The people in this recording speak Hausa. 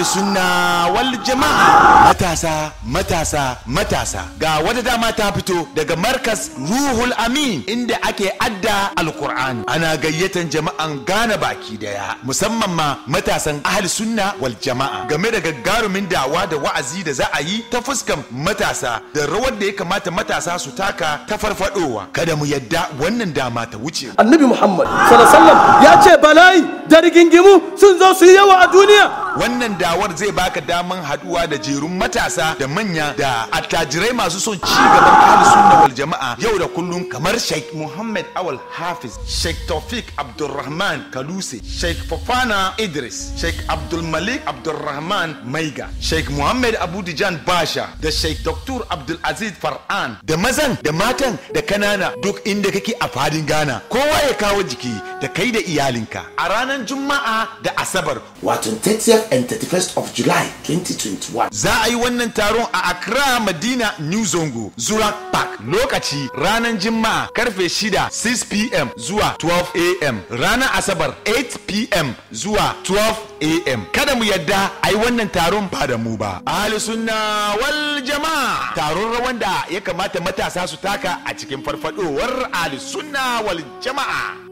sunna wal jama'a matasa matasa matasa ga wata dama ta fito daga markas ruhul amin inda ake adda alkur'ani ana gayyatan jama'an gane baki daya musamman ma matasan ahli sunna wal jama'a game da gagarumin dawa da wa'azi da za a yi ta fuskan matasa da rawar da ya kamata matasa su taka ta farfadowa kada mu yadda wannan dama ta wuce annabi muhammad sallallahu alaihi wasallam ya ce bala'i da rigingimu sun zo su yi yawa a duniya wannan adawar zai baka daman haduwa da jerun matasa da manya da attajirai masu son ci gaban ahli sunna wal jama'a yau da kullum kamar Sheikh Muhammad Awal Hafiz, Sheikh Tawfiq Abdulrahman Kaluse, Sheikh Fofana Idris, Sheikh Abdul Malik Abdulrahman Maiga, Sheikh Muhammad Abu Dijan Basha da Sheikh Dr. Abdul Aziz Far'an da mazan da matan da kanana duk inda kake a fadin Ghana kowa ya kawo jiki da kai da iyalinka a ranar Juma'a da Asabar wato 30th and 31st of July 2021. Za a yi wannan taron a Accra Madina New Zongo Zura Park lokaci ranar Juma'a karfe 6 6 p.m. zuwa 12 a.m. ranar Asabar 8 p.m. zuwa 12 a.m. Kada mu yadda a yi wannan taron ba da mu ba. Ahli sunna wal jama'a taron rawan da ya kamata matasa su taka a cikin farfadowar ahli sunna wal jama'a.